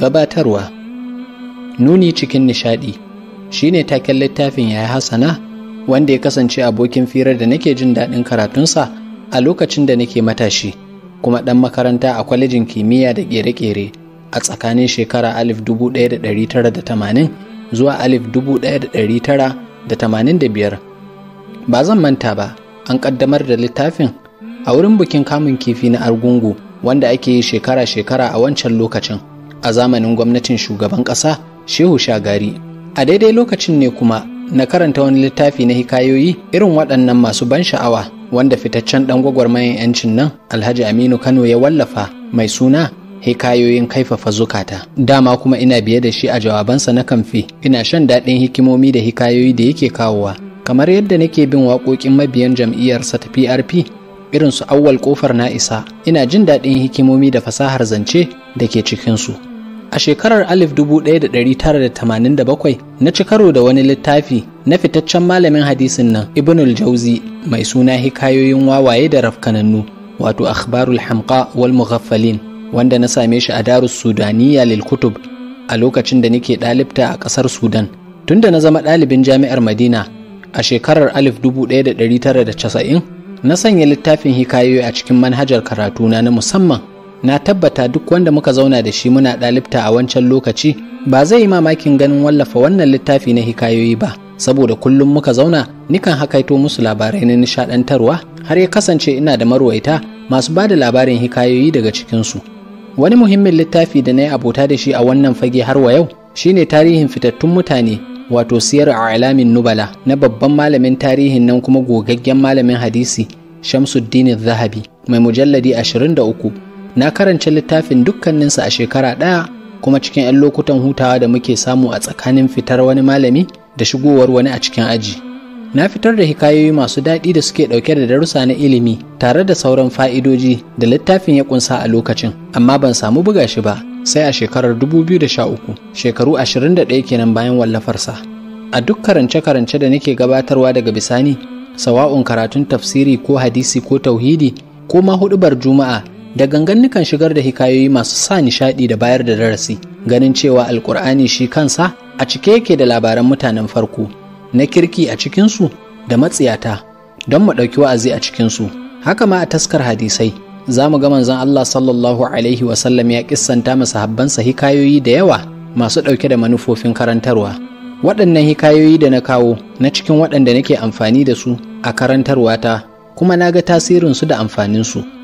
gabatarwa nuni cikin nishadi shine taken littafin yaya hasana wanda ya kasance abokin firar da nake jin daɗin karatunsa a lokacin da nake matashi kuma ɗan makaranta a kwalejin kimiyya da Kere-kere a tsakanin shekara 1980 zuwa 1985 ba zan manta ba an ƙaddamar da littafin a wurin bikin kamun kifi na argungu wanda ake yi shekara-shekara a wancan lokacin a zamanin gwamnatin shugaban ƙasa Shehu Shagari. A daidai lokacin ne kuma na karanta wani littafi na hikayoyi irin waɗannan masu ban sha'awa wanda fitaccen ɗan gwagwarmayan 'yancin nan Alhaji Aminu Kano ya wallafa mai suna hikayoyin kaifafa zukata dama kuma ina biye da shi a jawabansa na kamfe ina shan daɗin hikimomi da hikayoyi da yake kawowa kamar yadda nake bin waƙoƙin mabiyan jam'iyyarsa ta prp irin su awwal ƙofar na isa ina jin daɗin hikimomi da fasahar zance da ke cikinsu A shekarar 1987 na ci karo da wani littafi na fitaccen malamin hadisin nan Ibnul Jauzi mai suna hikayoyin wawaye da rafkanannu wato akhbarul hamqa wal mughaffalin wanda na same shi a Darus Sudaniya lil Kutub a lokacin da nake ɗalibta a ƙasar Sudan. Tunda na zama ɗalibin jami'ar Madina a shekarar 1990 na sanya littafin hikayoyi a cikin manhajar karatuna na musamman na tabbata duk wanda muka zauna da shi muna ɗalibta a wancan lokaci ba zai yi mamakin ganin wallafa wannan littafi na hikayoyi ba saboda kullum muka zauna nikan hakaito musu labarai na nishaɗantarwa har ya kasance ina da marwaita masu ba da labarin hikayoyi daga cikinsu wani muhimmin littafi da na yi abota da shi a wannan fage har wa yau shine tarihin fitattun mutane wato siyar a alamin nubala na babban malamin tarihin nan kuma gogaggen malamin hadisi shamsuddin zahabi mai mujalladi 23 na karance littafin dukkaninsa a shekara ɗaya kuma cikin 'yan lokutan hutawa da muke samu a tsakanin fitar wani malami da shigowar wani a cikin aji na fitar da hikayoyi masu daɗi da suke ɗauke da darussa na ilimi tare da sauran fa'idoji da littafin ya kunsa a lokacin amma ban samu buga shi ba sai a shekarar 2013 shekaru 21 kenan bayan wallafarsa a duk karance-karance da nake gabatarwa daga bisani sawa'un karatun tafsiri ko hadisi ko tauhidi ko ma hudubar juma'a da gangan shigar da hikayoyi masu sa nishaɗi da bayar da darasi ganin cewa alkur'ani shi kansa a cike yake da labaran mutanen farko na kirki a cikinsu da matsiyata don mu ɗauki wa'azi a cikinsu haka ma a taskar hadisai za mu ga manzon Allah sallallahu alaihi sallam ya kissanta masahabbansa hikayoyi da yawa masu ɗauke da manufofin karantarwa waɗannan hikayoyi da na kawo na cikin waɗanda nake amfani da su a karantarwata kuma na ga tasirinsu da amfaninsu.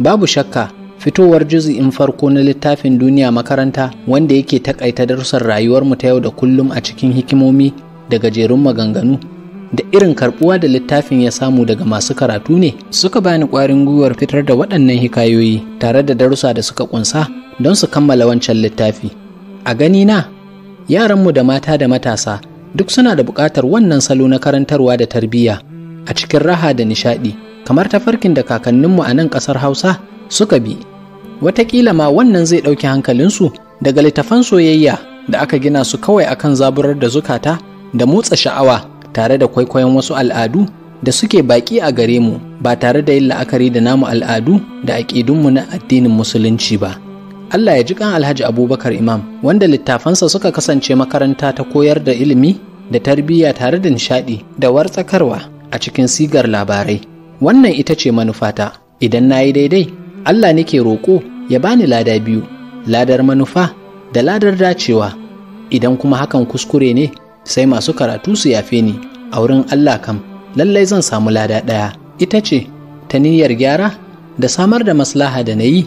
babu shakka fitowar juzi'in farko na littafin duniya makaranta wanda yake takaita darussan rayuwarmu ta yau da kullum a cikin hikimomi da gajerun maganganu da irin karbuwa da littafin ya samu daga masu karatu ne suka bani kwarin gwiwar fitar da waɗannan hikayoyi tare da darussa da suka kunsa don su kammala wancan littafi a gani na yaranmu da mata da matasa duk suna da buƙatar wannan salo na karantarwa da tarbiyya a cikin raha da nishaɗi kamar tafarkin da kakanninmu a nan ƙasar hausa suka bi Wataƙila ma wannan zai ɗauki hankalinsu daga littafan soyayya da aka gina su kawai akan zaburar da zukata da motsa sha'awa tare da kwaikwayon wasu al'adu da suke baƙi a gare mu ba tare da yin la'akari da namu al'adu da aƙidunmu na addinin musulunci ba. Allah ya ji kan Alhaji Abubakar Imam wanda littafansa suka kasance makaranta ta koyar da ilimi da tarbiyya tare da nishaɗi da wartsakarwa a cikin sigar labarai. wannan ita ce manufata idan na yi daidai Allah ke roƙo ya bani lada biyu ladar manufa da ladar dacewa idan kuma hakan kuskure ne sai masu karatu su yafe ni a wurin Allah kam lallai zan samu lada ɗaya ita ce ta niyyar gyara da samar da maslaha da na yi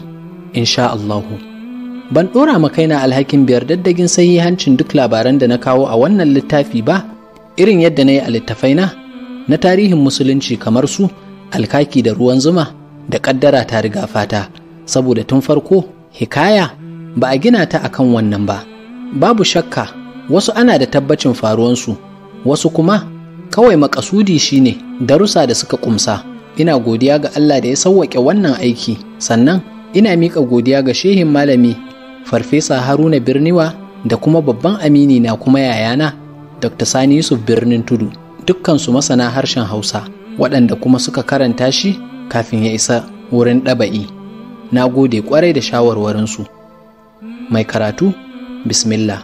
insha Allahu ban ɗora ma kaina alhakin biyar daddagin sahihancin duk labaran da na kawo a wannan littafi ba irin yadda na yi a littafaina na tarihin musulunci kamar su alkaki da ruwan zuma da ƙaddara ta riga fata saboda tun farko hikaya ba a gina ta akan wannan ba babu shakka wasu ana da tabbacin faruwansu wasu kuma kawai makasudi shine darussa da suka kumsa ina godiya ga Allah da ya sauwaƙe wannan aiki sannan ina miƙa godiya ga shehin malami farfesa haruna birniwa da kuma babban amini na kuma yayana dr sani yusuf birnin tudu dukkansu masana harshen hausa waɗanda kuma suka karanta shi kafin ya isa wurin ɗaba'i na gode ƙwarai da shawarwarinsu mai karatu bismillah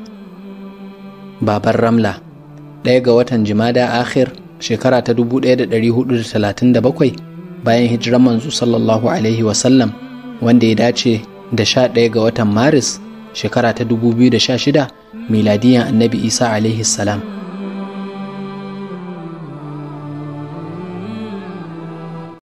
Babar ramla ɗaya ga watan jimada akhir shekara ta 1437 bayan hijirar manzo sallallahu alaihi wasallam wanda ya dace da sha ɗaya ga watan maris shekara ta 2016 miladiyan annabi isa alaihi salam